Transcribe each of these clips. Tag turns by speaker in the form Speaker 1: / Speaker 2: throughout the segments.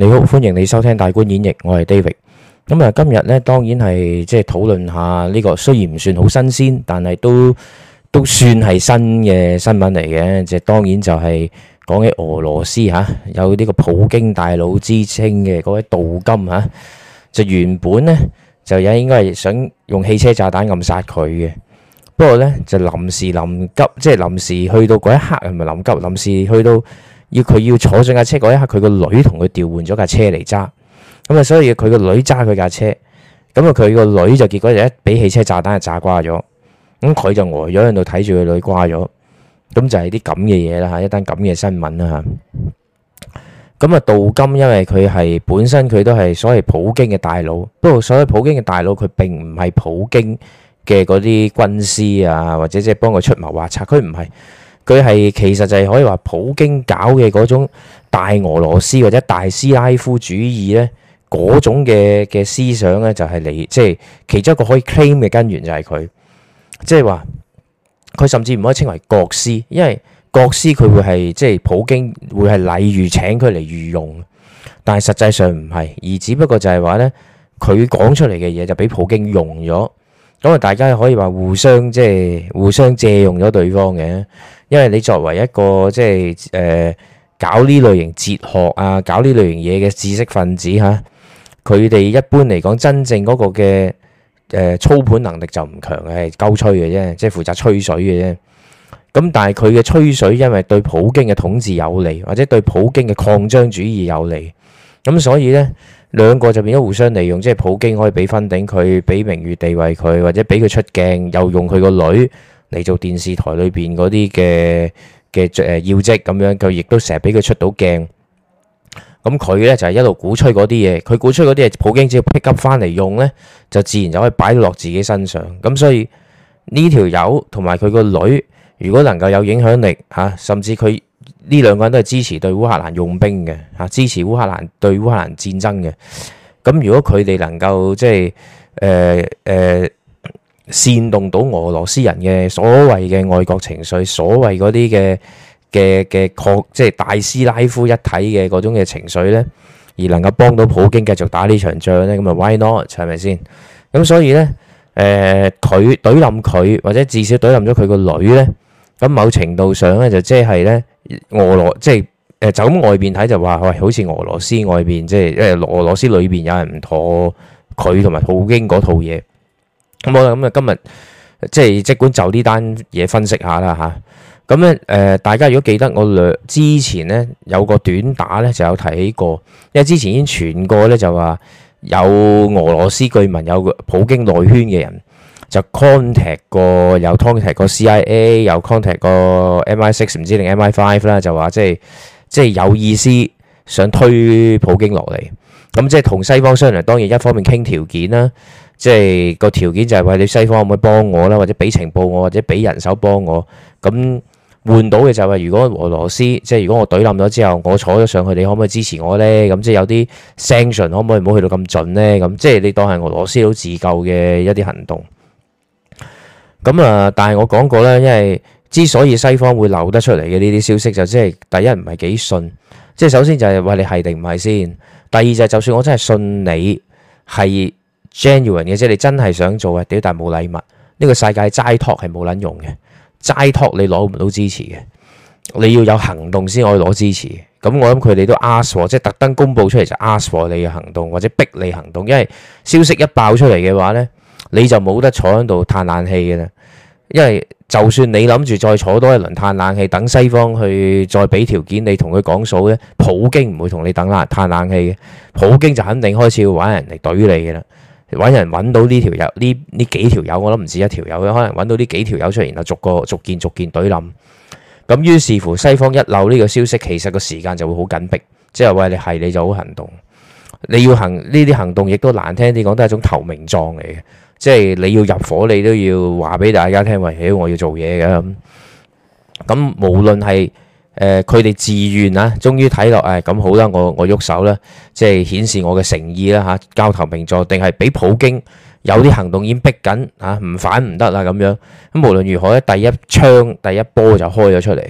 Speaker 1: 你好，歡迎你收聽大觀演繹，我係 David。咁啊，今日咧，當然係即係討論下呢個雖然唔算好新鮮，但係都都算係新嘅新聞嚟嘅。就當然就係講起俄羅斯吓，有呢個普京大佬之稱嘅嗰位杜金吓，就原本咧，就應該係想用汽車炸彈暗殺佢嘅，不過咧，就臨時臨急，即係臨時去到嗰一刻係咪臨急？臨時去到。要佢要坐上架車嗰一刻，佢個女同佢調換咗架車嚟揸。咁啊，所以佢個女揸佢架車，咁啊，佢個女就結果就一俾汽車炸彈就炸瓜咗，咁佢就呆咗喺度睇住佢女瓜咗，咁就係啲咁嘅嘢啦吓，一單咁嘅新聞啦吓。咁啊，杜金因為佢係本身佢都係所謂普京嘅大佬，不過所謂普京嘅大佬佢並唔係普京嘅嗰啲軍師啊，或者即係幫佢出謀劃策，佢唔係。佢係其實就係可以話，普京搞嘅嗰種大俄羅斯或者大斯拉夫主義咧，嗰種嘅嘅思想咧，就係你，即係其中一個可以 claim 嘅根源就係佢，即係話佢甚至唔可以稱為國師，因為國師佢會係即係普京會係禮遇請佢嚟御用，但係實際上唔係，而只不過就係話咧，佢講出嚟嘅嘢就俾普京用咗，咁啊，大家可以話互相即係、就是、互相借用咗對方嘅。因為你作為一個即係誒、呃、搞呢類型哲學啊，搞呢類型嘢嘅知識分子嚇，佢哋一般嚟講真正嗰個嘅誒、呃、操盤能力就唔強嘅，係鳩吹嘅啫，即係負責吹水嘅啫。咁但係佢嘅吹水，因為對普京嘅統治有利，或者對普京嘅擴張主義有利，咁所以呢，兩個就變咗互相利用，即係普京可以俾分頂佢，俾名譽地位佢，或者俾佢出鏡，又用佢個女。嚟做電視台裏邊嗰啲嘅嘅誒要職咁樣，佢亦都成日俾佢出到鏡。咁佢咧就係一路鼓吹嗰啲嘢，佢鼓吹嗰啲嘢，普京只要迫急翻嚟用咧，就自然就可以擺落自己身上。咁所以呢條友同埋佢個女，如果能夠有影響力嚇，甚至佢呢兩個人都係支持對烏克蘭用兵嘅嚇，支持烏克蘭對烏克蘭戰爭嘅。咁如果佢哋能夠即係誒誒。呃呃煽動到俄羅斯人嘅所謂嘅愛國情緒，所謂嗰啲嘅嘅嘅確，即係大斯拉夫一體嘅嗰種嘅情緒呢，而能夠幫到普京繼續打呢場仗呢。咁啊 why not 係咪先？咁所以呢，誒佢懟冧佢，或者至少懟冧咗佢個女呢，咁某程度上呢，就即係呢，俄羅即係誒就咁、是呃、外邊睇就話喂、哎，好似俄羅斯外邊即係因為俄羅斯裏邊有人唔妥佢同埋普京嗰套嘢。咁好啦，咁啊今日即係即管就呢單嘢分析下啦嚇。咁咧誒，大家如果記得我兩之前咧有個短打咧就有提起過，因為之前已經傳過咧就話有俄羅斯據聞有普京內圈嘅人就 contact 過，有 contact 過 CIA，有 contact 過 MI six 唔知定 MI five 啦、就係，就話即係即係有意思想推普京落嚟，咁即係同西方商量，當然一方面傾條件啦。即係個條件就係喂，你西方可唔可以幫我啦，或者俾情報我，或者俾人手幫我。咁換到嘅就係話如果俄羅斯即係如果我懟冧咗之後，我坐咗上去，你可唔可以支持我呢？咁即係有啲 sanction 可唔可以唔好去到咁盡呢？咁即係你當係俄羅斯佬自救嘅一啲行動。咁啊，但係我講過啦，因為之所以西方會流得出嚟嘅呢啲消息，就即係第一唔係幾信，即係首先就係喂，你係定唔係先。第二就係就算我真係信你係 genuine 嘅啫，你真係想做啊，屌，但係冇禮物。呢個世界齋托係冇捻用嘅，齋托你攞唔到支持嘅。你要有行動先可以攞支持。咁我諗佢哋都 ask，for, 即係特登公布出嚟就是，ask for 你嘅行動或者逼你行動，因為消息一爆出嚟嘅話呢，你就冇得坐喺度嘆冷氣嘅啦。因為就算你諗住再坐多一輪嘆冷氣，等西方去再俾條件你同佢講數嘅，普京唔會同你等啦嘆冷氣嘅，普京就肯定開始要玩人嚟懟你嘅啦。揾人揾到呢條友呢，呢幾條友，我諗唔止一條友，可能揾到呢幾條友出嚟，然後逐個逐件逐件堆冧。咁於是乎，西方一漏呢個消息，其實個時間就會好緊迫，即係喂，你係你就好行動。你要行呢啲行動，亦都難聽啲講，都係一種投名狀嚟嘅，即係你要入伙，你都要話俾大家聽喂、哎，我要做嘢嘅。咁無論係。誒佢哋自願啦，終於睇落誒咁好啦，我我喐手啦，即係顯示我嘅誠意啦嚇，交投名狀，定係俾普京有啲行動已經逼緊啊，唔反唔得啦咁樣咁。無論如何咧，第一槍第一波就開咗出嚟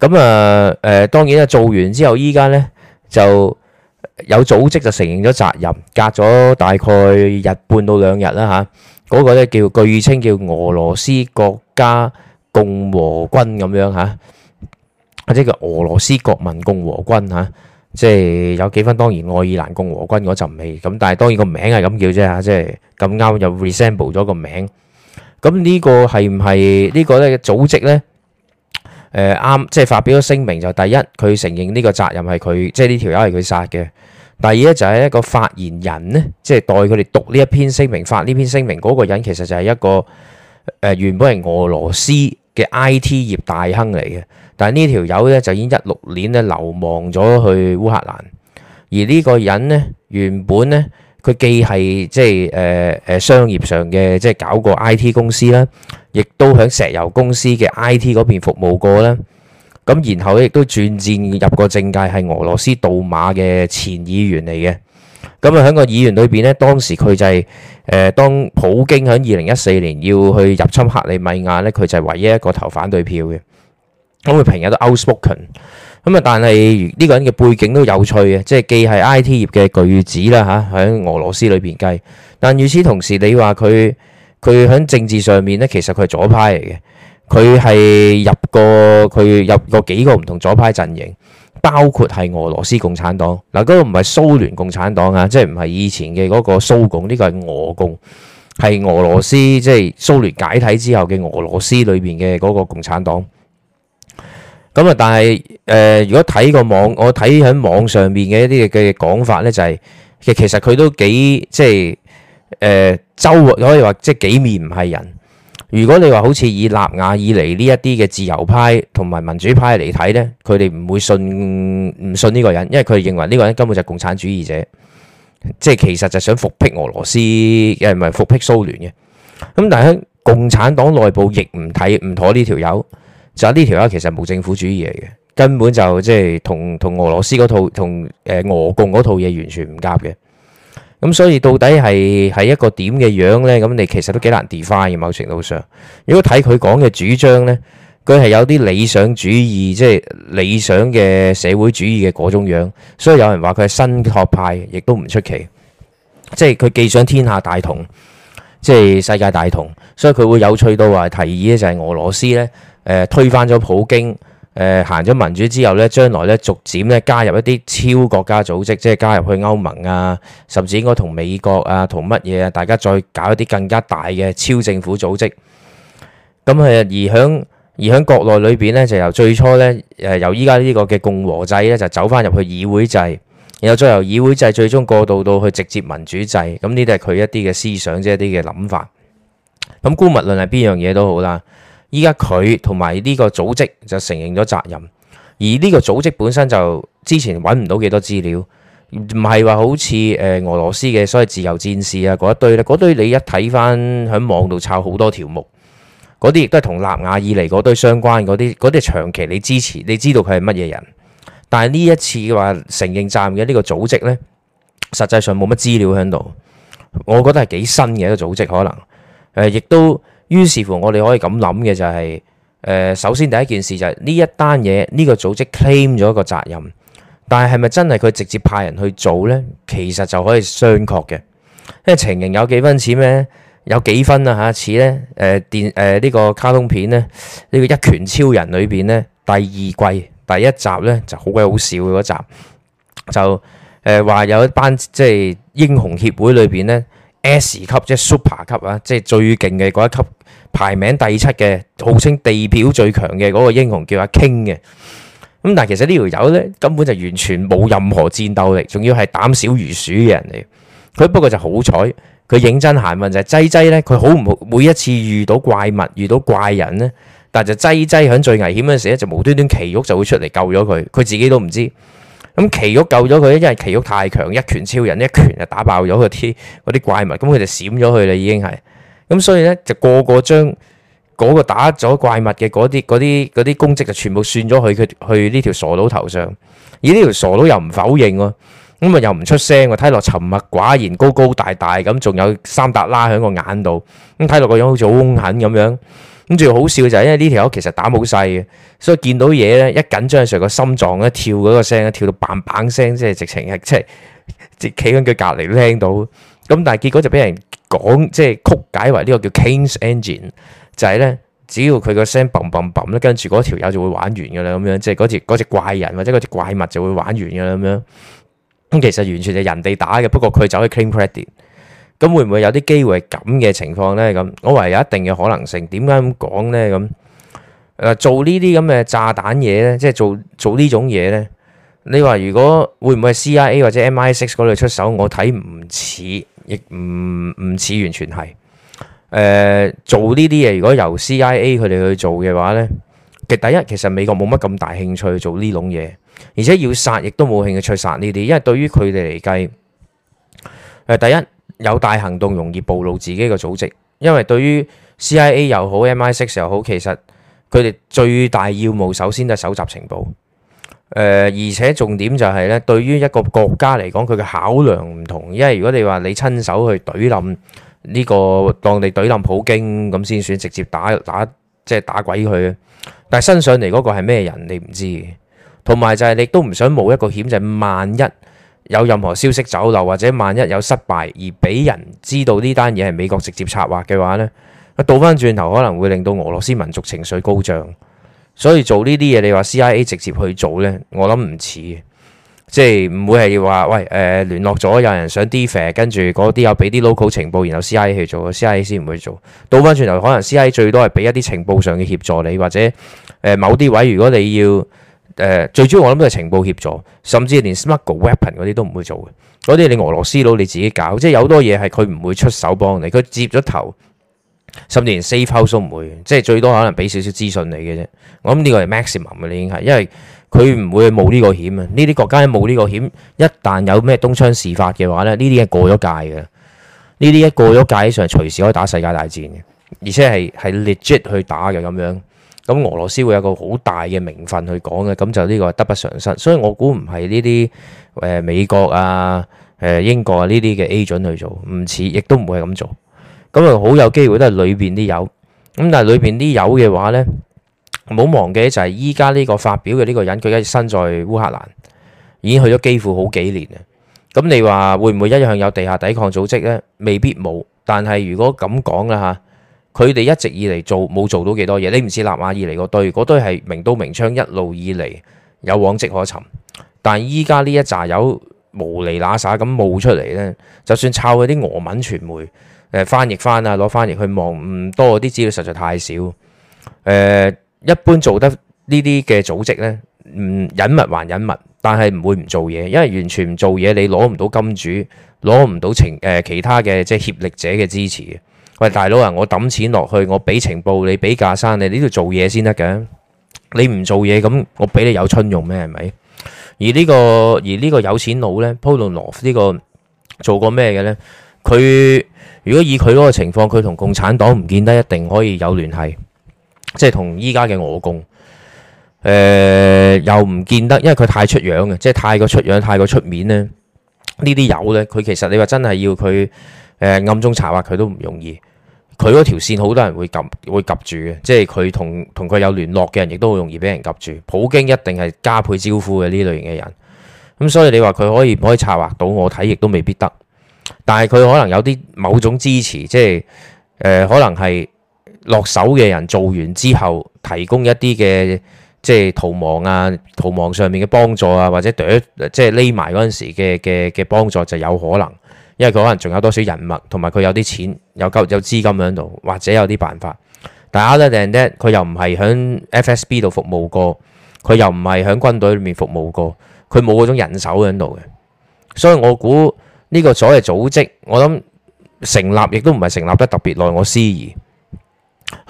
Speaker 1: 咁啊誒，當然啦，做完之後，依家咧就有組織就承認咗責任，隔咗大概日半到兩日啦嚇，嗰、啊那個咧叫據稱叫俄羅斯國家共和軍咁樣嚇。啊或者叫俄羅斯國民共和軍吓，即係有幾分當然愛爾蘭共和軍嗰陣味咁，但係當然個名係咁叫啫吓，即係咁啱又 resemble 咗個名。咁呢個係唔係呢個咧組織咧？誒啱即係發表咗聲明就第一，佢承認呢個責任係佢，即係呢條友係佢殺嘅。第二咧就係一個發言人咧，即係代佢哋讀呢一篇聲明，發呢篇聲明嗰個人其實就係一個誒原本係俄羅斯嘅 IT 業大亨嚟嘅。但係呢條友咧就已經一六年咧流亡咗去烏克蘭，而呢個人咧原本咧佢既係即係誒誒商業上嘅即係搞過 I T 公司啦，亦都喺石油公司嘅 I T 嗰邊服務過啦。咁然後亦都轉戰入個政界，係俄羅斯杜馬嘅前議員嚟嘅。咁啊喺個議員裏邊咧，當時佢就係、是、誒、呃、當普京喺二零一四年要去入侵克里米亞咧，佢就係唯一一個投反對票嘅。咁佢平日都 outspoken 咁啊，但係呢個人嘅背景都有趣嘅，即係既係 IT 業嘅巨子啦，吓，喺俄羅斯裏邊計。但與此同時，你話佢佢喺政治上面咧，其實佢係左派嚟嘅，佢係入過佢入過幾個唔同左派陣營，包括係俄羅斯共產黨嗱，嗰、那個唔係蘇聯共產黨啊，即係唔係以前嘅嗰個蘇共，呢個係俄共，係俄羅斯即係、就是、蘇聯解體之後嘅俄羅斯裏邊嘅嗰個共產黨。咁啊！但係誒、呃，如果睇個網，我睇喺網上面嘅一啲嘅講法咧、就係，就係其實其實佢都幾即係誒、呃、周，可以話即係幾面唔係人。如果你話好似以立亞以嚟呢一啲嘅自由派同埋民主派嚟睇咧，佢哋唔會信唔信呢個人，因為佢哋認為呢個人根本就係共產主義者，即係其實就想復辟俄羅斯又唔係復辟蘇聯嘅。咁但係喺共產黨內部亦唔睇唔妥呢條友。就呢條友其實無政府主義嚟嘅，根本就即係同同俄羅斯嗰套、同誒俄共嗰套嘢完全唔夾嘅。咁所以到底係係一個點嘅樣呢？咁你其實都幾難 define 嘅，某程度上。如果睇佢講嘅主張呢，佢係有啲理想主義，即係理想嘅社會主義嘅嗰種樣。所以有人話佢係新學派，亦都唔出奇。即係佢寄想天下大同。即係世界大同，所以佢會有趣到話提議咧，就係俄羅斯咧，誒、呃、推翻咗普京，誒、呃、行咗民主之後咧，將來咧逐漸咧加入一啲超國家組織，即係加入去歐盟啊，甚至應該同美國啊，同乜嘢啊，大家再搞一啲更加大嘅超政府組織。咁誒而響而響國內裏邊咧，就由最初咧誒由依家呢個嘅共和制咧，就走翻入去議會制。然後再由議會制最終過渡到去直接民主制，咁呢啲係佢一啲嘅思想，即係一啲嘅諗法。咁姑勿論係邊樣嘢都好啦。依家佢同埋呢個組織就承認咗責任，而呢個組織本身就之前揾唔到幾多資料，唔係話好似誒俄羅斯嘅所謂自由戰士啊嗰一堆咧，嗰堆你一睇翻喺網度抄好多條目，嗰啲亦都係同納瓦爾尼嗰堆相關嗰啲，嗰啲長期你支持，你知道佢係乜嘢人？但係呢一次嘅話，承認責任嘅呢個組織呢，實際上冇乜資料喺度，我覺得係幾新嘅一個組織，可能誒、呃，亦都於是乎，我哋可以咁諗嘅就係、是、誒、呃，首先第一件事就係、是、呢一單嘢，呢、這個組織 claim 咗一個責任，但係係咪真係佢直接派人去做呢？其實就可以商榷嘅，因為情形有幾分似咩？有幾分啊嚇似呢，誒電誒呢個卡通片呢，呢、這個一拳超人裏邊呢，第二季。第一集咧就好鬼好笑嘅嗰集，就誒話、呃、有一班即係英雄協會裏邊咧 S 級即係 Super 級啊，即係最勁嘅嗰一級，排名第七嘅，號稱地表最強嘅嗰個英雄叫阿 King 嘅。咁但係其實呢條友咧根本就完全冇任何戰鬥力，仲要係膽小如鼠嘅人嚟。佢不過就好彩，佢認真行運就係滯滯咧，佢好唔好每一次遇到怪物，遇到怪人咧。但就擠擠喺最危險嘅時咧，就無端端奇玉就會出嚟救咗佢，佢自己都唔知。咁奇玉救咗佢，因為奇玉太強，一拳超人一拳就打爆咗嗰啲嗰啲怪物，咁佢就閃咗佢啦，已經係。咁所以咧就個個將嗰個打咗怪物嘅嗰啲啲啲功績就全部算咗去佢去呢條傻佬頭上，而呢條傻佬又唔否認喎、啊，咁啊又唔出聲喎、啊，睇落沉默寡言，高高大大咁，仲有三笪拉喺個眼度，咁睇落個樣好似好兇狠咁樣。咁最好笑就係因為呢條友其實膽好細嘅，所以見到嘢咧一緊張嘅時候個心臟一跳嗰個聲一跳到嘭嘭聲，即係直情係即係，直企喺佢隔籬都聽到。咁但係結果就俾人講即係曲解為呢個叫 King’s Engine，就係咧只要佢個聲嘭嘭嘭，跟住嗰條友就會玩完噶啦咁樣，即係嗰隻怪人或者嗰隻怪物就會玩完噶啦咁樣。咁其實完全係人哋打嘅，不過佢走去 claim credit。咁會唔會有啲機會係咁嘅情況呢？咁我話有一定嘅可能性。點解咁講呢？咁做呢啲咁嘅炸彈嘢呢？即係做做呢種嘢呢？你話如果會唔會係 CIA 或者 MI6 嗰度出手？我睇唔似，亦唔唔似完全係。誒、呃、做呢啲嘢，如果由 CIA 佢哋去做嘅話呢，其第一其實美國冇乜咁大興趣做呢種嘢，而且要殺亦都冇興趣殺呢啲，因為對於佢哋嚟計第一。有大行動容易暴露自己嘅組織，因為對於 CIA 又好，MI6 又好，其實佢哋最大要務首先就係搜集情報。誒、呃，而且重點就係咧，對於一個國家嚟講，佢嘅考量唔同，因為如果你話你親手去懟冧呢個，當你懟冧普京咁先算，直接打打即係打鬼佢，但係身上嚟嗰個係咩人你唔知，同埋就係你都唔想冒一個險，就係萬一，有任何消息走漏，或者萬一有失敗而俾人知道呢單嘢係美國直接策劃嘅話呢，倒翻轉頭可能會令到俄羅斯民族情緒高漲。所以做呢啲嘢，你話 CIA 直接去做呢？我諗唔似，即係唔會係話喂誒、呃、聯絡咗有人想 d i 跟住嗰啲有俾啲 local 情報，然後 CIA 去做，CIA 先唔會做。倒翻轉頭，可能 CIA 最多係俾一啲情報上嘅協助你，或者、呃、某啲位，如果你要。誒、呃、最主要我諗都係情報協助，甚至連 smuggle weapon 嗰啲都唔會做嘅，嗰啲你俄羅斯佬你自己搞，即係有多嘢係佢唔會出手幫你，佢接咗頭，甚至連 safe house 都唔會，即係最多可能俾少少資訊你嘅啫。我諗呢個係 maximum 嘅你已經係，因為佢唔會冒呢個險啊。呢啲國家冇呢個險，一旦有咩東窗事發嘅話咧，呢啲係過咗界嘅，呢啲一過咗界上隨時可以打世界大戰嘅，而且係係 legit 去打嘅咁樣。咁俄羅斯會有個好大嘅名分去講嘅，咁就呢個係得不償失。所以我估唔係呢啲誒美國啊、誒英國啊呢啲嘅 agency 去做，唔似，亦都唔會係咁做。咁啊，好有機會都係裏邊啲友。咁但係裏邊啲友嘅話呢，唔好忘記就係依家呢個發表嘅呢個人，佢而家身在烏克蘭，已經去咗幾乎好幾年啊。咁你話會唔會一向有地下抵抗組織呢？未必冇，但係如果咁講啦嚇。佢哋一直以嚟做冇做到幾多嘢，你唔似納瓦以嚟個堆，嗰堆係明刀明槍，一路以嚟有往跡可尋。但係依家呢一紮有無厘那撒咁冒出嚟呢？就算抄佢啲俄文傳媒，誒、呃、翻譯翻啊，攞翻譯去望，唔、嗯、多啲資料實在太少。誒、呃，一般做得呢啲嘅組織呢，唔、嗯、隱密還隱密，但係唔會唔做嘢，因為完全唔做嘢，你攞唔到金主，攞唔到、情、呃、其他嘅即係協力者嘅支持。喂，大佬啊！我抌錢落去，我俾情報你，俾架生你，呢度做嘢先得嘅。你唔做嘢咁，我俾你有春用咩？係咪？而呢、這個而呢個有錢佬呢 Pulov 呢、這個做過咩嘅呢？佢如果以佢嗰個情況，佢同共產黨唔見得一定可以有聯繫，即係同依家嘅俄共。誒、呃，又唔見得，因為佢太出樣嘅，即係太過出樣、太過出面呢。呢啲友呢，佢其實你話真係要佢誒、呃、暗中查吓佢都唔容易。佢嗰條線好多人會夾會夾住嘅，即係佢同同佢有聯絡嘅人，亦都好容易俾人夾住。普京一定係加倍招呼嘅呢類型嘅人，咁所以你話佢可以唔可以策劃到，我睇亦都未必得。但係佢可能有啲某種支持，即係誒、呃，可能係落手嘅人做完之後，提供一啲嘅即係逃亡啊、逃亡上面嘅幫助啊，或者即係匿埋嗰陣時嘅嘅嘅幫助就有可能。因為佢可能仲有多少人脈，同埋佢有啲錢，有金有資金喺度，或者有啲辦法。但係 other than that，佢又唔係喺 FSB 度服務過，佢又唔係喺軍隊裏面服務過，佢冇嗰種人手喺度嘅。所以我估呢個所謂組織，我諗成立亦都唔係成立得特別耐。我思疑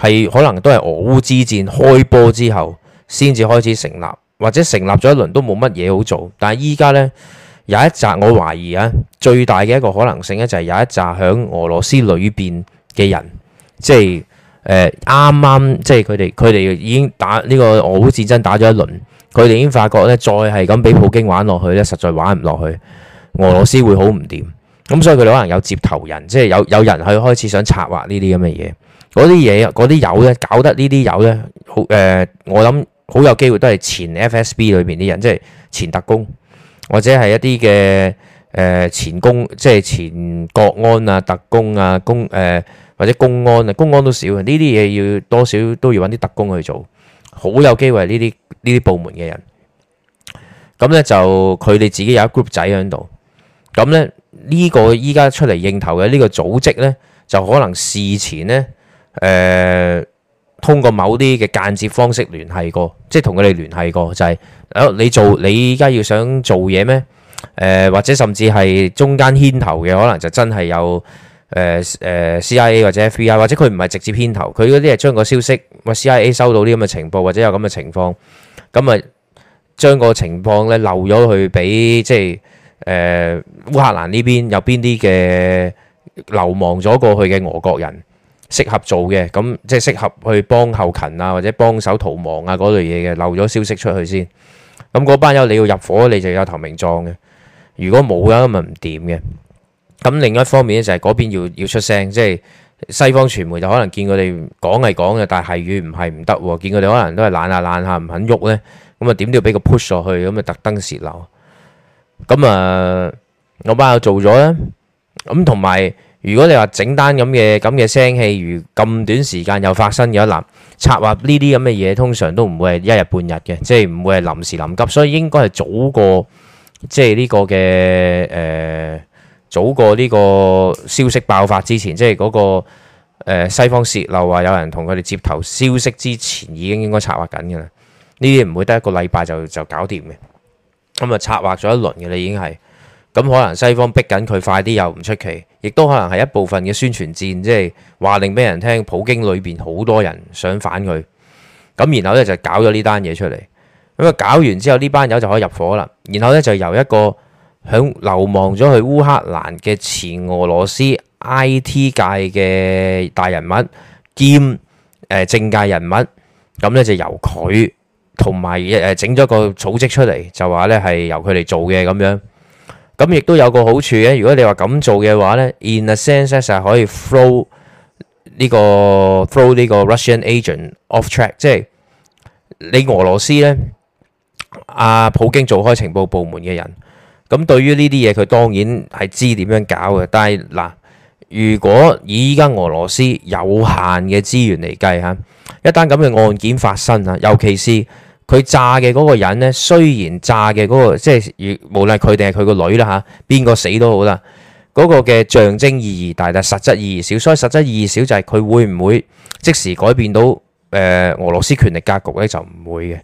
Speaker 1: 係可能都係俄烏之戰開波之後，先至開始成立，或者成立咗一輪都冇乜嘢好做。但係依家呢。有一集我懷疑啊，最大嘅一個可能性咧，就係有一集喺俄羅斯裏邊嘅人，即係誒啱啱即係佢哋佢哋已經打呢、這個俄烏戰爭打咗一輪，佢哋已經發覺咧，再係咁俾普京玩落去咧，實在玩唔落去，俄羅斯會好唔掂。咁、嗯、所以佢哋可能有接頭人，即係有有人去開始想策劃呢啲咁嘅嘢。嗰啲嘢，嗰啲友咧，搞得呢啲友咧，好誒、呃，我諗好有機會都係前 FSB 裏邊啲人，即係前特工。或者係一啲嘅誒前公，即係前國安啊、特工啊、公、呃、誒或者公安啊、公安都少啊。呢啲嘢要多少都要揾啲特工去做，好有機會呢啲呢啲部門嘅人咁咧，就佢哋自己有一 group 仔喺度咁咧。呢、呢個依家出嚟應投嘅呢個組織咧，就可能事前咧誒。呃通過某啲嘅間接方式聯繫過，即係同佢哋聯繫過，就係，啊，你做你依家要想做嘢咩？誒、呃，或者甚至係中間牽頭嘅，可能就真係有誒誒、呃呃、CIA 或者 FBI，或者佢唔係直接牽頭，佢嗰啲係將個消息，哇、呃、CIA 收到啲咁嘅情報或者有咁嘅情況，咁啊將個情況咧漏咗去俾即係誒、呃、烏克蘭呢邊有邊啲嘅流亡咗過去嘅俄國人。適合做嘅，咁即係適合去幫後勤啊，或者幫手逃亡啊嗰類嘢嘅，漏咗消息出去先。咁嗰班友你要入伙，你就有投名狀嘅。如果冇啊，咁咪唔掂嘅。咁另一方面咧，就係嗰邊要要出聲，即係西方傳媒就可能見佢哋講係講嘅，但係遠唔係唔得。見佢哋可能都係懶下懶下，唔肯喐咧，咁啊點都要俾佢 push 落去，咁啊特登泄漏。咁啊，我班友做咗咧，咁同埋。如果你話整單咁嘅咁嘅聲氣，如咁短時間又發生有一輪策劃呢啲咁嘅嘢，通常都唔會係一日半日嘅，即係唔會係臨時臨急，所以應該係早過即係呢個嘅誒、呃，早過呢個消息爆發之前，即係嗰、嗰個誒、呃、西方洩漏話有人同佢哋接頭消息之前，已經應該策劃緊嘅啦。呢啲唔會得一個禮拜就就搞掂嘅，咁、嗯、啊策劃咗一輪嘅啦，你已經係。咁可能西方逼緊佢快啲又唔出奇，亦都可能係一部分嘅宣傳戰，即係話令俾人聽普京裏邊好多人想反佢。咁然後咧就搞咗呢單嘢出嚟咁啊！搞完之後呢班友就可以入伙啦。然後咧就由一個響流亡咗去烏克蘭嘅前俄羅斯 IT 界嘅大人物兼誒政界人物，咁咧就由佢同埋誒整咗個組織出嚟，就話咧係由佢哋做嘅咁樣。咁亦都有個好處嘅，如果你話咁做嘅話咧，in a sense 係可以 throw 呢個 throw 呢個 Russian agent off track，即係你俄羅斯咧，阿普京做開情報部門嘅人，咁對於呢啲嘢佢當然係知點樣搞嘅，但係嗱，如果以依家俄羅斯有限嘅資源嚟計吓，一單咁嘅案件發生啊，尤其是。佢炸嘅嗰個人呢，雖然炸嘅嗰、嗰個即係，無論佢定係佢個女啦吓，邊、啊、個死都好啦，嗰、嗰個嘅象徵意義大、大，但實質意義小。所以實質意義小，就係佢會唔會即時改變到誒、呃、俄羅斯權力格局呢？就唔會嘅，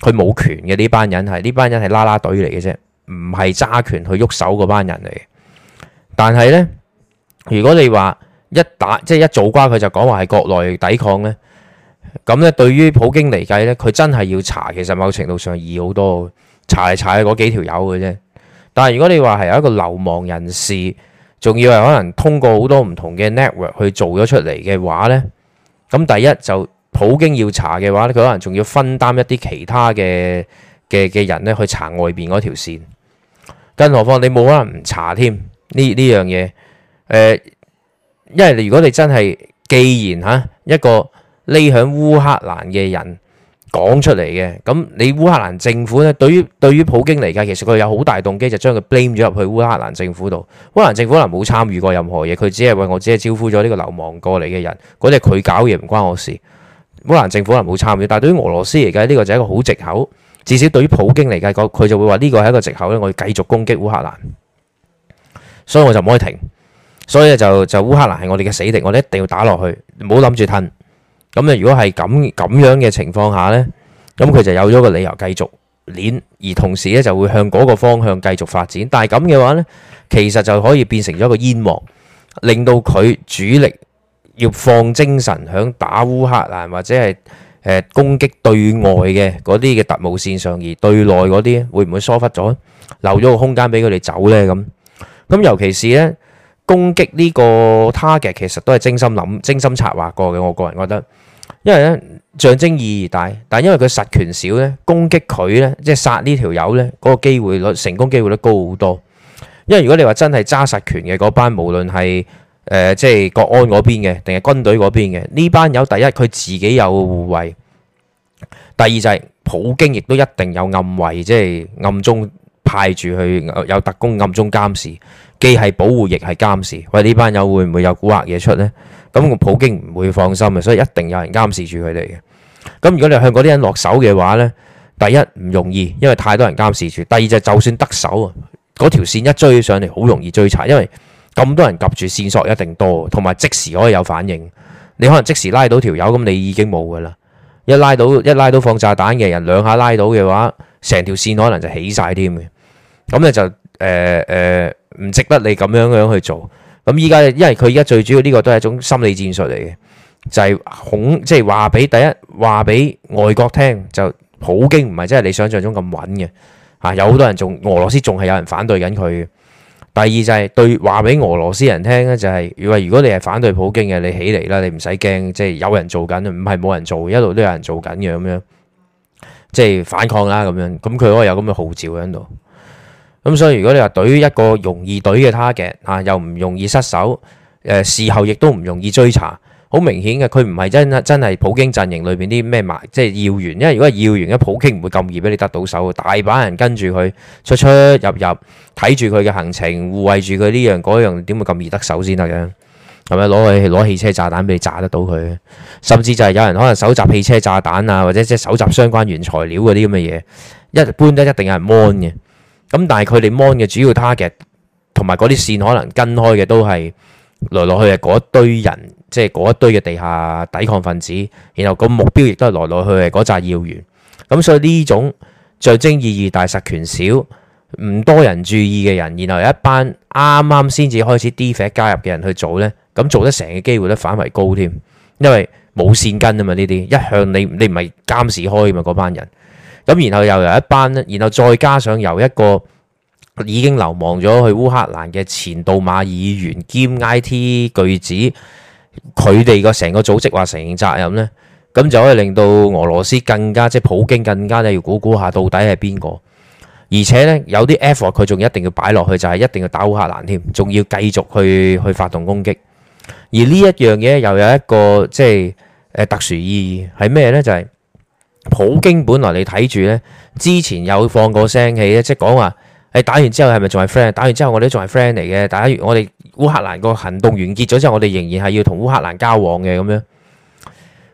Speaker 1: 佢冇權嘅，呢班人係，呢班人係啦啦隊嚟嘅啫，唔係揸拳去喐手嗰班人嚟嘅。但係呢，如果你話一打即係一早瓜，佢就講話係國內抵抗呢。咁咧，對於普京嚟計咧，佢真係要查，其實某程度上易好多。查係查下嗰幾條友嘅啫。但係如果你話係有一個流亡人士，仲要係可能通過好多唔同嘅 network 去做咗出嚟嘅話咧，咁第一就普京要查嘅話咧，佢可能仲要分擔一啲其他嘅嘅嘅人咧去查外邊嗰條線。更何況你冇可能唔查添呢呢樣嘢？誒、呃，因為如果你真係既然吓一個，匿喺烏克蘭嘅人講出嚟嘅咁，你烏克蘭政府咧，對於對於普京嚟講，其實佢有好大動機就將佢 blame 咗入去烏克蘭政府度。烏克蘭政府可能冇參與過任何嘢，佢只係為我只係招呼咗呢個流亡過嚟嘅人，嗰啲佢搞嘢唔關我事。烏克蘭政府可能冇參與，但對於俄羅斯嚟講呢個就係一個好藉口。至少對於普京嚟講，佢就會話呢個係一個藉口咧，我要繼續攻擊烏克蘭，所以我就唔可以停，所以就就，烏克蘭係我哋嘅死敵，我哋一定要打落去，唔好諗住吞。咁咧，如果係咁咁樣嘅情況下呢，咁佢就有咗個理由繼續攣，而同時咧就會向嗰個方向繼續發展。但係咁嘅話呢，其實就可以變成咗一個煙幕，令到佢主力要放精神響打烏克蘭或者係誒攻擊對外嘅嗰啲嘅特務線上，而對內嗰啲會唔會疏忽咗，留咗個空間俾佢哋走呢？咁咁尤其是呢，攻擊呢個 target，其實都係精心諗、精心策劃過嘅。我個人覺得。因為咧象徵意義大，但因為佢實權少咧，攻擊佢咧，即係殺呢條友咧，嗰、那個機會率成功機會率高好多。因為如果你話真係揸實權嘅嗰班，無論係誒、呃、即係國安嗰邊嘅，定係軍隊嗰邊嘅呢班友，第一佢自己有護衛，第二就係普京亦都一定有暗衛，即係暗中派住去有特工暗中監視，既係保護亦係監視。喂，呢班友會唔會有蠱惑嘢出呢？咁個普京唔會放心嘅，所以一定有人監視住佢哋嘅。咁如果你向嗰啲人落手嘅話呢，第一唔容易，因為太多人監視住；第二就就算得手啊，嗰條線一追上嚟，好容易追查，因為咁多人及住線索，一定多，同埋即時可以有反應。你可能即時拉到條友，咁你已經冇噶啦。一拉到一拉到放炸彈嘅人，兩下拉到嘅話，成條線可能就起晒添嘅。咁你就誒誒，唔、呃呃、值得你咁樣樣去做。咁依家，因為佢依家最主要呢個都係一種心理戰術嚟嘅，就係恐，即係話俾第一話俾外國聽，就普京唔係真係你想象中咁穩嘅嚇。有好多人仲俄羅斯仲係有人反對緊佢。第二就係對話俾俄羅斯人聽咧，就係如果如果你係反對普京嘅，你起嚟啦，你唔使驚，即係有人做緊，唔係冇人做，一路都有人做緊嘅咁樣，即係反抗啦咁樣。咁佢可以有咁嘅號召喺度。咁、嗯、所以如果你話懟一個容易懟嘅 target 啊，又唔容易失手，誒、呃、事後亦都唔容易追查，好明顯嘅，佢唔係真真係普京陣營裏邊啲咩埋，即係要員，因為如果係要員嘅普京唔會咁易俾你得到手，大把人跟住佢出出入入睇住佢嘅行程，護衞住佢呢樣嗰樣，點會咁易得手先得嘅？係咪攞去攞汽車炸彈俾你炸得到佢？甚至就係有人可能搜集汽車炸彈啊，或者即係搜集相關原材料嗰啲咁嘅嘢，一般都一定有人 mon 嘅。咁但係佢哋 mon 嘅主要 task 嘅，同埋嗰啲線可能跟開嘅都係來來去去嗰一堆人，即係嗰一堆嘅地下抵抗分子。然後個目標亦都係來來去去嗰扎要員。咁所以呢種象徵意義大，實權少，唔多人注意嘅人，然後有一班啱啱先至開始 defect 加入嘅人去做呢，咁做得成嘅機會咧反為高添，因為冇線跟啊嘛呢啲，一向你你唔係監視開啊嘛嗰班人。咁然後又有一班，然後再加上由一個已經流亡咗去烏克蘭嘅前杜馬議員兼 IT 巨子，佢哋個成個組織話承認責任呢，咁就可以令到俄羅斯更加即係普京更加咧要估估下到底係邊個，而且呢，有啲 effort 佢仲一定要擺落去，就係、是、一定要打烏克蘭添，仲要繼續去去發動攻擊。而呢一樣嘢又有一個即係特殊意義係咩呢？就係、是。普京本來你睇住呢，之前有放過聲氣，即係講話，誒、哎，打完之後係咪仲係 friend？打完之後我哋仲係 friend 嚟嘅。打完我哋烏克蘭個行動完結咗之後，我哋仍然係要同烏克蘭交往嘅咁樣。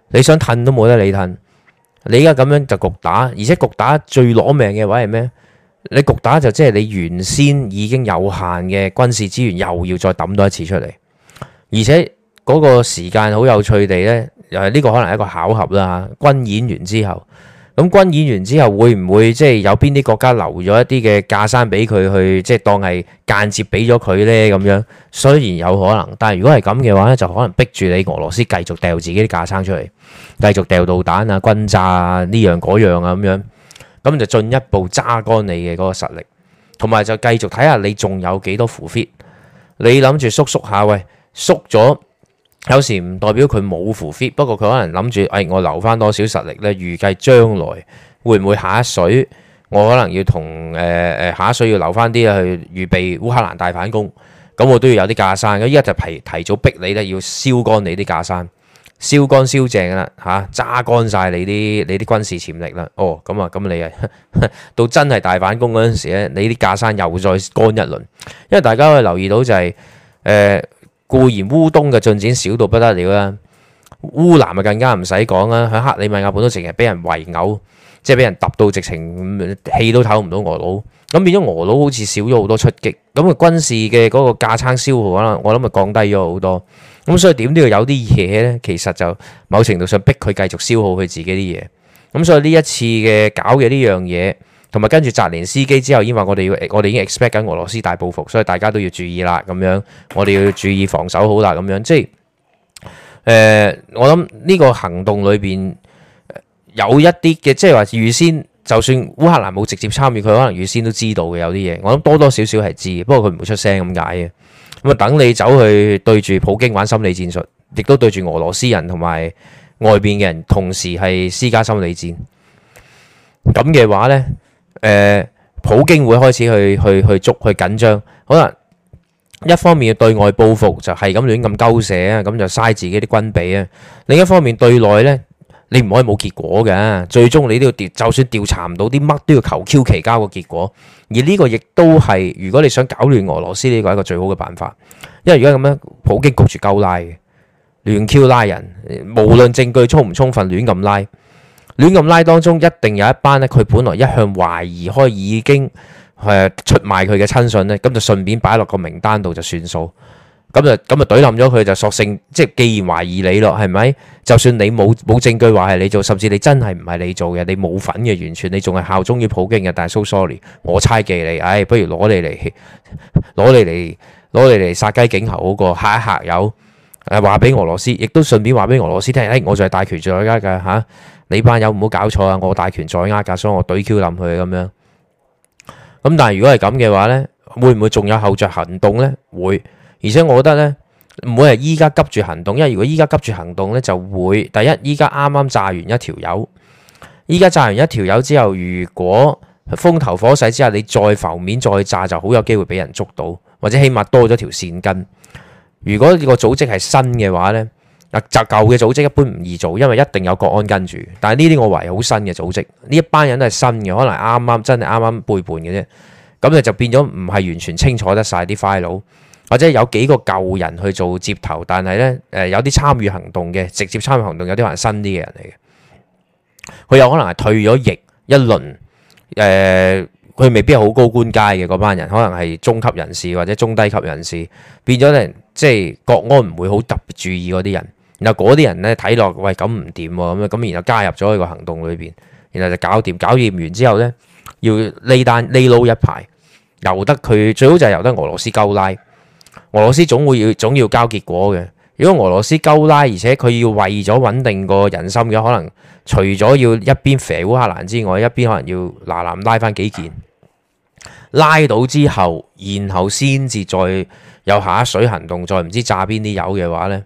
Speaker 1: 你想褪都冇得你褪。你而家咁樣就局打，而且局打最攞命嘅位係咩？你局打就即係你原先已經有限嘅軍事資源，又要再抌多一次出嚟，而且嗰個時間好有趣地呢。又係呢個可能係一個巧合啦，吓，軍演完之後，咁軍演完之後會唔會即係有邊啲國家留咗一啲嘅架生俾佢去，即係當係間接俾咗佢呢？咁樣？雖然有可能，但係如果係咁嘅話呢，就可能逼住你俄羅斯繼續掉自己啲架生出嚟，繼續掉導彈啊、轟炸啊，呢樣嗰樣啊咁樣，咁就進一步揸乾你嘅嗰個實力，同埋就繼續睇下你仲有幾多 full fit，你諗住縮縮下喂，縮咗。有時唔代表佢冇付 fit，不過佢可能諗住，誒、哎，我留翻多少實力咧？預計將來會唔會下一水？我可能要同誒誒下一水要留翻啲去預備烏克蘭大反攻，咁我都要有啲架生。咁依家就提提早逼你咧，要燒乾你啲架生，燒乾燒淨啦，吓揸乾晒你啲你啲軍事潛力啦。哦，咁啊，咁你啊， 到真係大反攻嗰陣時咧，你啲架生又再乾一輪。因為大家可以留意到就係、是、誒。呃固然烏東嘅進展少到不得了啦，烏南啊更加唔使講啦，喺克里米亞本土成日俾人圍毆，即係俾人揼到直情氣都唞唔到俄佬，咁變咗俄佬好似少咗好多出擊，咁啊軍事嘅嗰個架撐消耗可能我諗啊降低咗好多，咁所以點都要有啲嘢咧，其實就某程度上逼佢繼續消耗佢自己啲嘢，咁所以呢一次嘅搞嘅呢樣嘢。同埋跟住澤連斯基之後，因為我哋要，我哋已經 expect 緊俄羅斯大報復，所以大家都要注意啦。咁樣，我哋要注意防守好啦。咁樣，即係，誒、呃，我諗呢個行動裏邊有一啲嘅，即係話預先，就算烏克蘭冇直接參與，佢可能預先都知道嘅有啲嘢。我諗多多少少係知，不過佢唔會出聲咁解嘅。咁啊，等你走去對住普京玩心理戰術，亦都對住俄羅斯人同埋外邊嘅人，同時係施加心理戰。咁嘅話呢？誒，普京會開始去去去捉去緊張，可能一方面對外報復就係咁亂咁鳩射啊，咁就嘥自己啲軍備啊；另一方面對內咧，你唔可以冇結果嘅，最終你都要調，就算調查唔到啲乜，都要求 Q 其交個結果。而呢個亦都係如果你想搞亂俄羅斯呢個係一個最好嘅辦法，因為而家咁樣普京焗住鳩拉嘅，亂 Q 拉人，無論證據充唔充分，亂咁拉。亂咁拉當中，一定有一班咧，佢本來一向懷疑開已經誒出賣佢嘅親信咧，咁就順便擺落個名單度就算數。咁就咁就懟冧咗佢就索性，即係既然懷疑你咯，係咪？就算你冇冇證據話係你做，甚至你真係唔係你做嘅，你冇份嘅，完全你仲係效忠於普京嘅。但係 so sorry，我猜忌你，唉，不如攞你嚟攞你嚟攞你嚟殺雞儆猴好過嚇嚇友。誒，話俾俄羅斯，亦都順便話俾俄羅斯聽，誒、欸，我就係大權在握噶吓、啊，你班友唔好搞錯啊，我大權在握噶，所以我懟 Q 冧佢咁樣。咁但係如果係咁嘅話呢，會唔會仲有後續行動呢？會，而且我覺得呢，唔會係依家急住行動，因為如果依家急住行動呢，就會第一，依家啱啱炸完一條友，依家炸完一條友之後，如果風頭火勢之下，你再浮面再炸，就好有機會俾人捉到，或者起碼多咗條線根。如果個組織係新嘅話呢嗱，就舊嘅組織一般唔易做，因為一定有國安跟住。但係呢啲我懷疑好新嘅組織，呢一班人都係新嘅，可能啱啱真係啱啱背叛嘅啫。咁你就變咗唔係完全清楚得晒啲 file，或者有幾個舊人去做接頭，但係呢，誒有啲參與行動嘅，直接參與行動有啲係新啲嘅人嚟嘅，佢有可能係退咗役一輪誒。呃佢未必係好高官階嘅嗰班人，可能係中級人士或者中低級人士，變咗咧即係國安唔會好特別注意嗰啲人，然後嗰啲人咧睇落，喂，咁唔掂喎，咁咁然後加入咗呢個行動裏邊，然後就搞掂，搞掂完之後咧要匿單匿佬一排，由得佢最好就係由得俄羅斯勾拉，俄羅斯總會要總要交結果嘅，如果俄羅斯勾拉，而且佢要為咗穩定個人心嘅可能。除咗要一邊肥烏克蘭之外，一邊可能要嗱嗱拉翻幾件，拉到之後，然後先至再有下一水行動，再唔知炸邊啲友嘅話呢？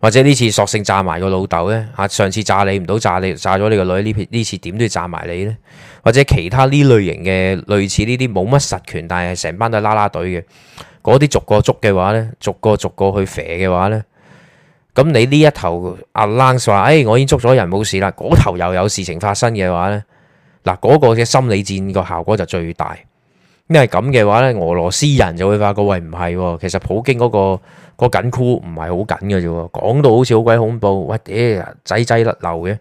Speaker 1: 或者呢次索性炸埋個老豆呢？嚇，上次炸你唔到，炸你炸咗你個女，呢呢次點都要炸埋你呢？或者其他呢類型嘅類似呢啲冇乜實權，但係成班都係拉拉隊嘅，嗰啲逐個捉嘅話呢？逐個逐個去肥嘅話呢？咁你呢一頭阿 Lang 話，誒、欸，我已經捉咗人冇事啦。嗰頭又有事情發生嘅話咧，嗱，嗰個嘅心理戰個效果就最大。因為咁嘅話咧，俄羅斯人就會發覺喂，唔係喎，其實普京嗰、嗰個、嗰個緊箍唔係好緊嘅啫喎，講到好似好鬼恐怖，我屌仔仔甩漏嘅，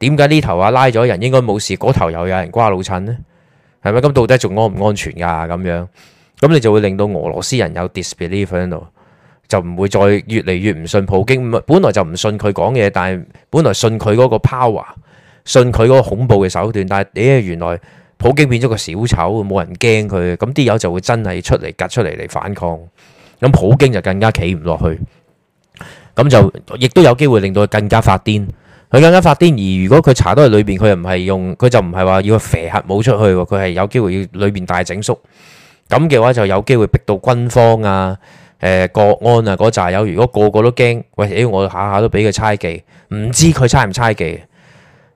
Speaker 1: 點解呢頭話拉咗人應該冇事，嗰頭又有人瓜老襯呢？係咪？咁到底仲安唔安全㗎？咁樣，咁你就會令到俄羅斯人有 disbelief 喺度。就唔會再越嚟越唔信普京，本來就唔信佢講嘢，但係本來信佢嗰個 power，信佢嗰個恐怖嘅手段，但係咦、欸、原來普京變咗個小丑，冇人驚佢，咁啲友就會真係出嚟夾出嚟嚟反抗，咁普京就更加企唔落去，咁就亦都有機會令到佢更加發癲，佢更加發癲，而如果佢查到喺裏邊，佢又唔係用，佢就唔係話要肥核武出去，佢係有機會要裏邊大整縮，咁嘅話就有機會逼到軍方啊。誒、呃、國安啊，嗰扎友如果個個都驚，喂、哎，我下下都俾佢猜忌，唔知佢猜唔猜忌。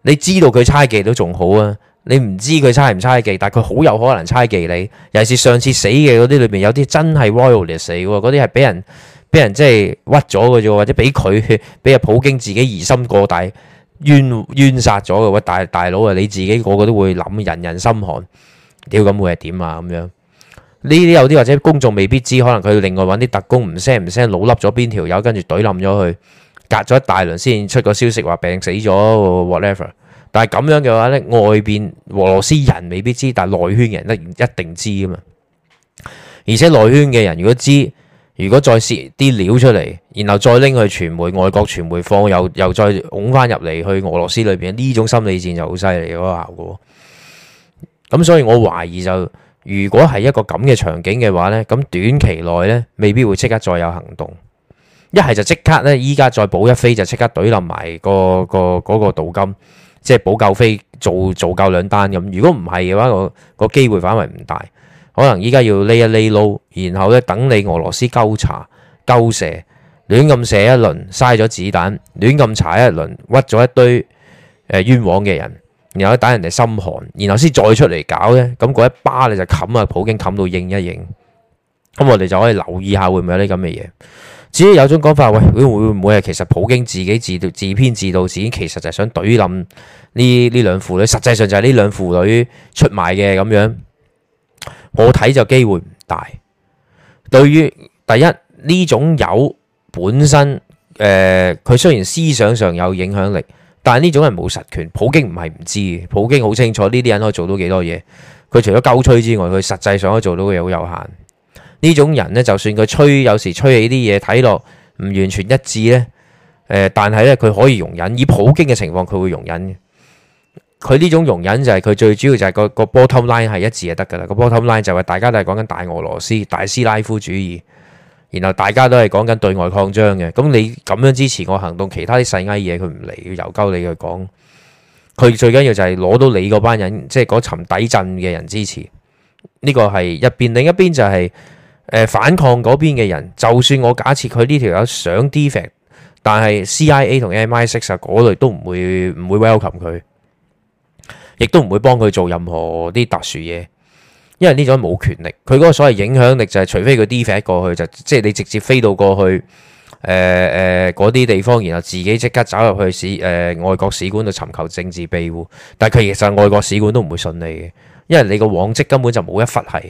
Speaker 1: 你知道佢猜忌都仲好啊，你唔知佢猜唔猜忌，但佢好有可能猜忌你。尤其是上次死嘅嗰啲裏面有啲真係 royal 死喎，嗰啲係俾人俾人即係屈咗㗎啫，或者俾佢俾阿普京自己疑心過大冤冤殺咗㗎喎，大大佬啊，你自己個個都會諗，人人心寒，屌咁會係點啊咁樣？呢啲有啲或者公眾未必知，可能佢另外揾啲特工唔聲唔聲，老笠咗邊條友，跟住懟冧咗佢，隔咗一大輪先出個消息話病死咗，whatever 但。但係咁樣嘅話呢，外邊俄羅斯人未必知，但係內圈人一定知噶嘛。而且內圈嘅人如果知，如果再泄啲料出嚟，然後再拎去傳媒、外國傳媒放，又又再拱翻入嚟去俄羅斯裏邊，呢種心理戰就好犀利嗰個效果。咁所以我懷疑就。如果係一個咁嘅場景嘅話呢，咁短期內呢未必會即刻再有行動。一係就即刻呢，依家再補一飛就即刻懟冧埋個個、嗰個杜金，即係補夠飛做做夠兩單咁。如果唔係嘅話，嗰個、嗰個機會範圍唔大，可能依家要匿一匿撈，然後呢，等你俄羅斯鳩查鳩射亂咁射一輪，嘥咗子彈，亂咁查一輪，屈咗一堆冤枉嘅人。然後打人哋心寒，然後先再出嚟搞咧，咁嗰一巴你就冚啊！普京冚到應一應，咁、嗯、我哋就可以留意下會唔會有啲咁嘅嘢。至於有種講法，喂會會唔會係其實普京自己自自編自導，自己其實就係想懟冧呢呢兩父女，實際上就係呢兩父女出賣嘅咁樣。我睇就機會唔大。對於第一呢種友本身，誒、呃，佢雖然思想上有影響力。但係呢種人冇實權，普京唔係唔知嘅，普京好清楚呢啲人可以做到幾多嘢。佢除咗鳩吹之外，佢實際上可以做到嘅嘢好有限。呢種人呢，就算佢吹，有時吹起啲嘢睇落唔完全一致呢。但係呢，佢可以容忍。以普京嘅情況，佢會容忍。佢呢種容忍就係、是、佢最主要就係個個 bottom line 係一致就得㗎啦。個 bottom line 就係、是、大家都係講緊大俄羅斯、大斯拉夫主義。然後大家都係講緊對外擴張嘅，咁你咁樣支持我行動，其他啲細埃嘢佢唔嚟，要由鳩你去講。佢最緊要就係攞到你嗰班人，即係嗰層底陣嘅人支持。呢、這個係入邊另一邊就係、是、誒、呃、反抗嗰邊嘅人。就算我假設佢呢條友想 defect，但係 CIA 同 MI six 啊嗰類都唔會唔會 welcome 佢，亦都唔會幫佢做任何啲特殊嘢。因為呢種冇權力，佢嗰個所謂影響力就係除非佢 defect 過去，就即、是、係你直接飛到過去，誒誒嗰啲地方，然後自己即刻走入去使誒、呃、外國使館度尋求政治庇護，但係佢其實外國使館都唔會信你嘅，因為你個往績根本就冇一忽係，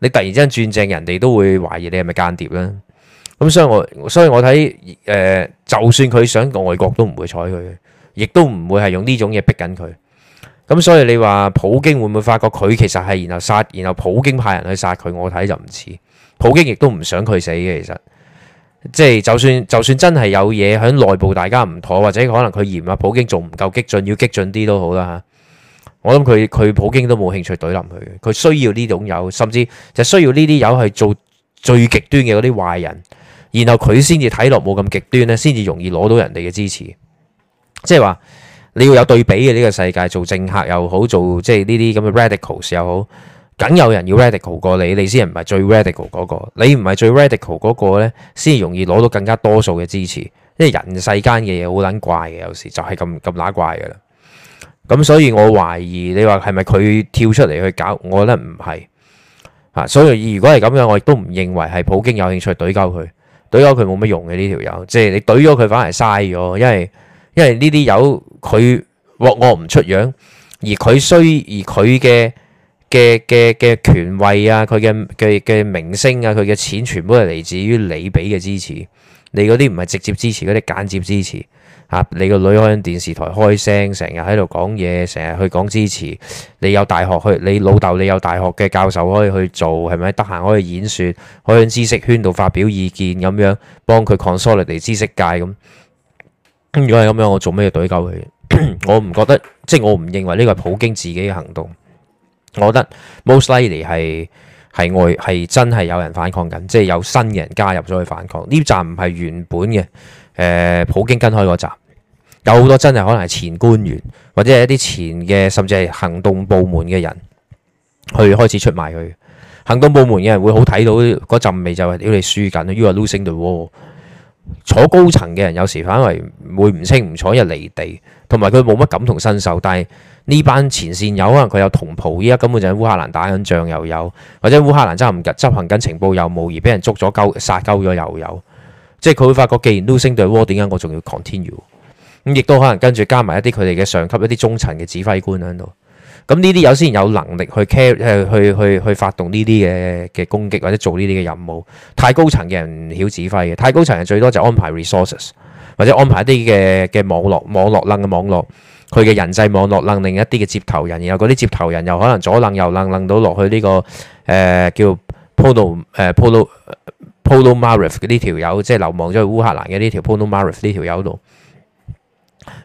Speaker 1: 你突然之間轉正，人哋都會懷疑你係咪間諜啦。咁所以我所以我睇誒、呃，就算佢想外國都唔會睬佢，亦都唔會係用呢種嘢逼緊佢。咁所以你話普京會唔會發覺佢其實係然後殺然後普京派人去殺佢？我睇就唔似普京亦都唔想佢死嘅，其實即係、就是、就算就算真係有嘢響內部大家唔妥，或者可能佢嫌啊普京仲唔夠激進，要激進啲都好啦。我諗佢佢普京都冇興趣懟冧佢，佢需要呢種友，甚至就需要呢啲友係做最極端嘅嗰啲壞人，然後佢先至睇落冇咁極端咧，先至容易攞到人哋嘅支持，即係話。你要有對比嘅呢個世界，做政客又好，做即係呢啲咁嘅 radicals 又好，梗有人要 radical 過你，你先唔係最 radical 嗰個。你唔係最 radical 嗰個咧，先容易攞到更加多數嘅支持。因為人世間嘅嘢好撚怪嘅，有時就係咁咁乸怪噶啦。咁所以，我懷疑你話係咪佢跳出嚟去搞？我覺得唔係嚇。所以如果係咁樣，我亦都唔認為係普京有興趣對交佢，對交佢冇乜用嘅呢條友。即係你對咗佢，反而嘥咗，因為。因為呢啲有佢鑊餓唔出樣，而佢衰，而佢嘅嘅嘅嘅權位啊，佢嘅嘅嘅名聲啊，佢嘅錢全部係嚟自於你俾嘅支持。你嗰啲唔係直接支持，嗰啲間接支持。啊，你個女可以喺電視台開聲，成日喺度講嘢，成日去講支持。你有大學去，你老豆你有大學嘅教授可以去做，係咪？得閒可以演說，可以喺知識圈度發表意見咁樣，幫佢 consolidate 啲知識界咁。如果係咁樣，我做咩要對抗佢？我唔覺得，即係我唔認為呢個係普京自己嘅行動。我覺得 most likely 係係外係真係有人反抗緊，即係有新嘅人加入咗去反抗，呢站唔係原本嘅。誒、呃，普京跟開嗰站有好多真係可能係前官員或者係一啲前嘅，甚至係行動部門嘅人去開始出賣佢。行動部門嘅人會好睇到嗰陣味就係屌你輸緊，you are losing the war。坐高層嘅人有時反而會唔清唔楚，又離地，同埋佢冇乜感同身受。但係呢班前線有可能佢有同袍，依家根本就喺烏克蘭打緊仗又有，或者烏克蘭執唔及執行緊情報任務而俾人捉咗鳩殺鳩咗又有，即係佢會發覺既然 losing 對喎，點解我仲要 continue？咁亦都可能跟住加埋一啲佢哋嘅上級、一啲中層嘅指揮官喺度。咁呢啲有先有能力去 care 誒去去去發動呢啲嘅嘅攻擊或者做呢啲嘅任務，太高層嘅人唔曉指揮嘅，太高層人最多就安排 resources 或者安排一啲嘅嘅網絡網絡楞嘅網絡，佢嘅人際網絡楞另一啲嘅接頭人，然後嗰啲接頭人又可能左楞右楞楞到落去呢、這個誒、呃、叫 Polo 誒、呃、Polo Polo Marif 嗰呢條友，即係、就是、流亡咗去烏克蘭嘅呢條 Polo Marif 呢條友度。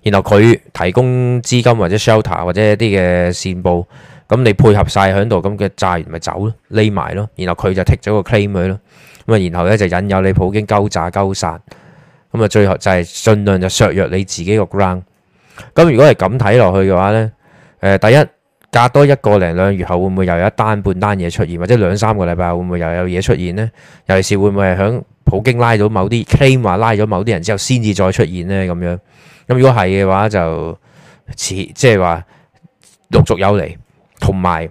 Speaker 1: 然後佢提供資金或者 shelter 或者一啲嘅線報，咁你配合晒喺度，咁嘅債咪走咯，匿埋咯。然後佢就剔咗個 claim 佢咯。咁啊，然後咧就引誘你普京勾炸勾殺，咁啊，最後就係盡量就削弱你自己個 ground。咁如果係咁睇落去嘅話咧，誒第一隔多一個零兩月後會唔會又有一單半單嘢出現，或者兩三個禮拜會唔會又有嘢出現咧？尤其是會唔會係響普京拉咗某啲 claim 話拉咗某啲人之後，先至再出現咧咁樣？咁如果係嘅話，就似即係話陸續有嚟，同埋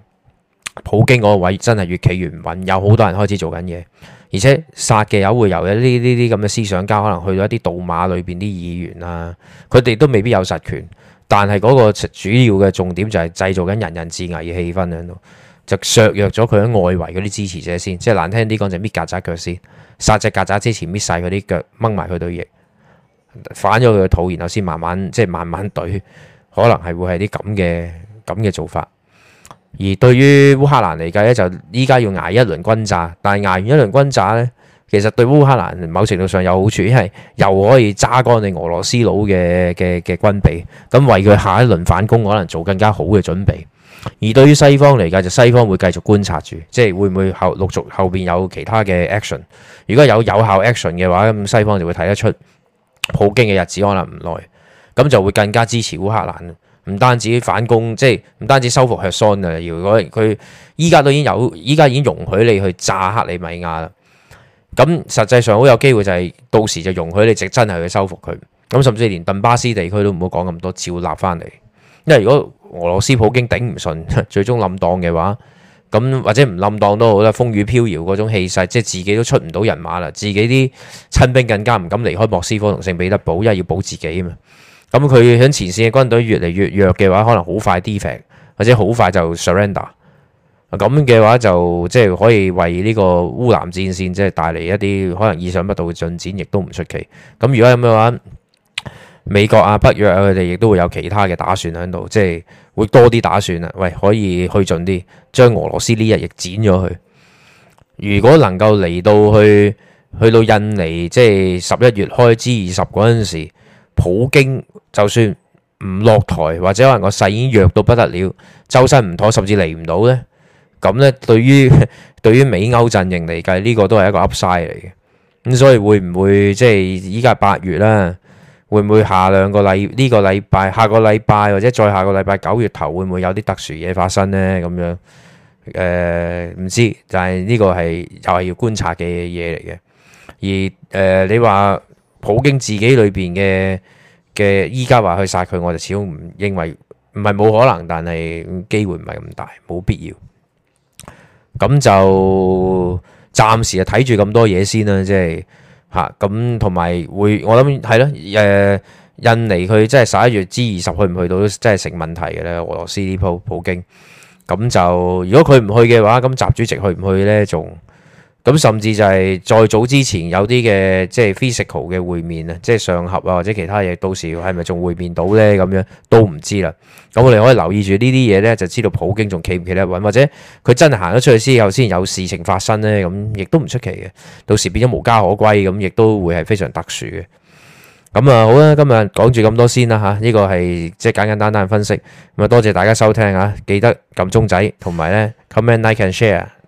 Speaker 1: 普京嗰個位真係越企越唔穩，有好多人開始做緊嘢，而且殺嘅友會由一啲呢啲咁嘅思想家，可能去到一啲杜馬裏邊啲議員啊，佢哋都未必有實權，但係嗰個主要嘅重點就係製造緊人人自危嘅氣氛喺度，就削弱咗佢喺外圍嗰啲支持者先，即係難聽啲講就搣曱甴腳先，殺隻曱甴之前搣晒佢啲腳，掹埋佢對翼。反咗佢嘅肚，然後先慢慢即係慢慢懟，可能係會係啲咁嘅咁嘅做法。而對於烏克蘭嚟計咧，就依家要挨一輪轟炸，但係挨完一輪轟炸呢，其實對烏克蘭某程度上有好處，因為又可以揸乾你俄羅斯佬嘅嘅嘅軍備，咁為佢下一輪反攻可能做更加好嘅準備。而對於西方嚟計，就西方會繼續觀察住，即係會唔會後陸續後邊有其他嘅 action。如果有有,有效 action 嘅話，咁西方就會睇得出。普京嘅日子可能唔耐，咁就會更加支持烏克蘭。唔單止反攻，即係唔單止收復赫松啊！如果佢依家都已經有，依家已經容許你去炸克里米亞啦。咁實際上好有機會就係、是、到時就容許你直真係去收復佢。咁甚至連頓巴斯地區都唔好講咁多，照立翻嚟。因為如果俄羅斯普京頂唔順，最終冧檔嘅話，咁或者唔冧當都好啦，風雨飄搖嗰種氣勢，即係自己都出唔到人馬啦，自己啲親兵更加唔敢離開莫斯科同聖彼得堡，因為要保自己啊嘛。咁佢喺前線嘅軍隊越嚟越弱嘅話，可能好快 defect，或者好快就 surrender。咁嘅話就即係、就是、可以為呢個烏南戰線即係帶嚟一啲可能意想不到嘅進展，亦都唔出奇。咁如果有咩話，美國啊、北約啊，佢哋亦都會有其他嘅打算喺度，即係。會多啲打算啦，喂，可以去盡啲，將俄羅斯呢日亦剪咗去。如果能夠嚟到去去到印尼，即係十一月開 G20 嗰陣時，普京就算唔落台，或者可能個勢已經弱到不得了，周身唔妥，甚至嚟唔到呢。咁呢，對於對於美歐陣營嚟計，呢個都係一個 Upside 嚟嘅。咁所以會唔會即係依家八月啦。會唔會下兩個禮呢個禮拜、下個禮拜或者再下個禮拜九月頭，會唔會有啲特殊嘢發生呢？咁樣誒，唔知，但係呢個係又係要觀察嘅嘢嚟嘅。而誒，你話普京自己裏邊嘅嘅，依家話去殺佢，我哋始終唔認為唔係冇可能，但係機會唔係咁大，冇必要。咁就暫時就睇住咁多嘢先啦，即係。嚇，咁同埋會，我諗係咯，誒、呃，印尼佢真係十一月 G20 去唔去到，真係成問題嘅咧。俄羅斯呢鋪普京，咁就如果佢唔去嘅話，咁習主席去唔去咧？仲？咁甚至就係再早之前有啲嘅即係 physical 嘅會面啊，即係上合啊或者其他嘢，到時係咪仲會面到呢？咁樣都唔知啦。咁我哋可以留意住呢啲嘢呢，就知道普京仲企唔企得穩，或者佢真係行咗出去之後，先有事情發生呢，咁亦都唔出奇嘅。到時變咗無家可歸，咁亦都會係非常特殊嘅。咁啊，好啦，今日講住咁多先啦吓。呢個係即係簡簡單單嘅分析。咁啊，多謝大家收聽啊，記得撳鐘仔同埋呢 comment like and share。